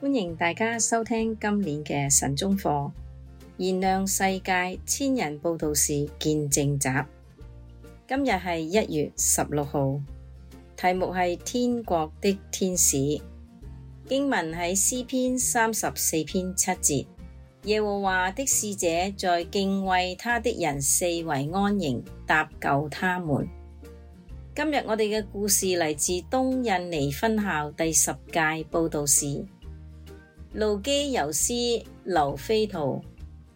歡迎大家收聽今年嘅晨鐘課，燃亮世界千人佈道士見證集。今日係一月十六號，題目係天國的天使。經文喺詩篇三十四篇七節，耶和華的使者在敬畏他的人四圍安營，搭救他們。今日我哋嘅故事嚟自東印尼分校第十屆佈道士。路基尤斯、劉飛圖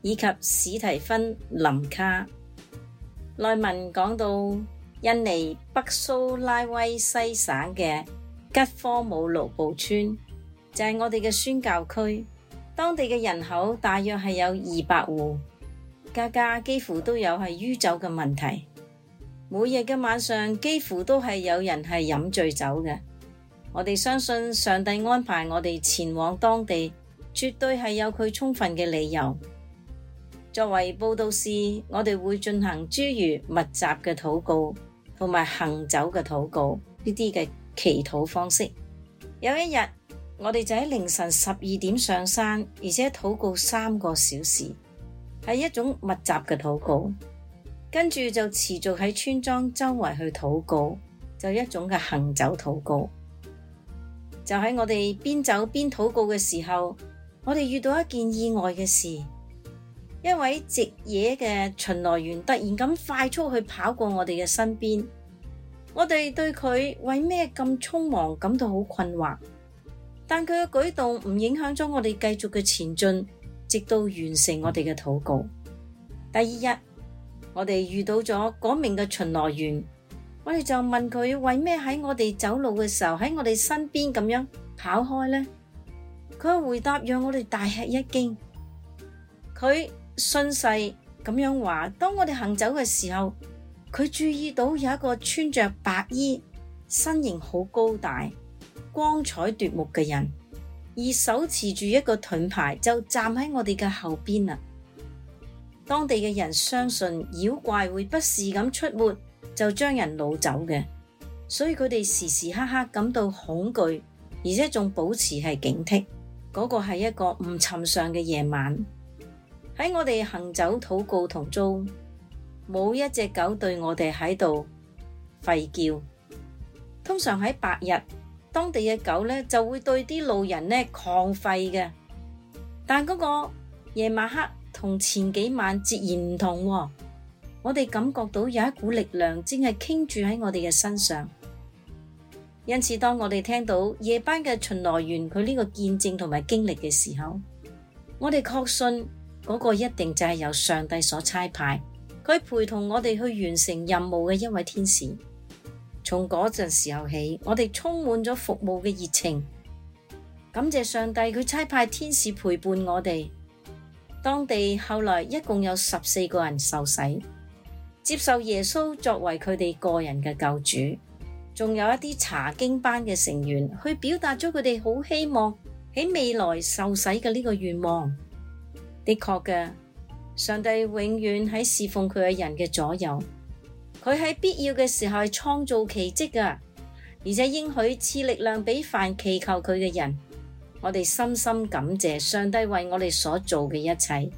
以及史提芬林卡，內文講到印尼北蘇拉威西省嘅吉科姆盧布村就係、是、我哋嘅宣教區，當地嘅人口大約係有二百戶，家家幾乎都有係酗酒嘅問題，每日嘅晚上幾乎都係有人係飲醉酒嘅。我哋相信上帝安排我哋前往當地，絕對係有佢充分嘅理由。作為佈道士，我哋會進行諸如密集嘅禱告同埋行走嘅禱告呢啲嘅祈禱方式。有一日，我哋就喺凌晨十二點上山，而且禱告三個小時，係一種密集嘅禱告。跟住就持續喺村莊周圍去禱告，就一種嘅行走禱告。就喺我哋邊走邊禱告嘅時候，我哋遇到一件意外嘅事，一位值夜嘅巡邏員突然咁快速去跑過我哋嘅身邊，我哋對佢為咩咁匆忙感到好困惑，但佢嘅舉動唔影響咗我哋繼續嘅前進，直到完成我哋嘅禱告。第二日，我哋遇到咗嗰名嘅巡邏員。我哋就問佢為咩喺我哋走路嘅時候喺我哋身邊咁樣跑開呢？佢嘅回答讓我哋大吃一驚。佢順勢咁樣話：當我哋行走嘅時候，佢注意到有一個穿着白衣、身形好高大、光彩奪目嘅人，而手持住一個盾牌，就站喺我哋嘅後邊啦。當地嘅人相信妖怪會不時咁出沒。就將人擄走嘅，所以佢哋時時刻刻感到恐懼，而且仲保持係警惕。嗰、那個係一個唔尋常嘅夜晚。喺我哋行走禱告途中，冇一隻狗對我哋喺度吠叫。通常喺白日，當地嘅狗呢就會對啲路人呢狂吠嘅，但嗰個夜晚黑同前幾晚截然唔同喎、哦。我哋感覺到有一股力量正係傾住喺我哋嘅身上，因此當我哋聽到夜班嘅巡邏員佢呢個見證同埋經歷嘅時候，我哋確信嗰個一定就係由上帝所差派，佢陪同我哋去完成任務嘅一位天使。從嗰陣時候起，我哋充滿咗服務嘅熱情，感謝上帝佢差派天使陪伴我哋。當地後來一共有十四個人受洗。接受耶穌作為佢哋個人嘅救主，仲有一啲查經班嘅成員去表達咗佢哋好希望喺未來受洗嘅呢個願望。的確嘅，上帝永遠喺侍奉佢嘅人嘅左右，佢喺必要嘅時候係創造奇蹟嘅，而且應許賜力量俾凡祈求佢嘅人。我哋深深感謝上帝為我哋所做嘅一切。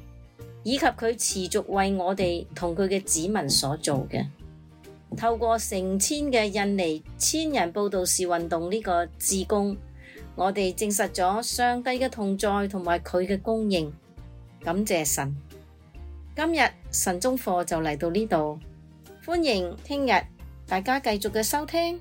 以及佢持續為我哋同佢嘅子民所做嘅，透過成千嘅印尼千人佈道士運動呢個志工，我哋證實咗上帝嘅同在同埋佢嘅供應。感謝神，今日晨鐘課就嚟到呢度，歡迎聽日大家繼續嘅收聽。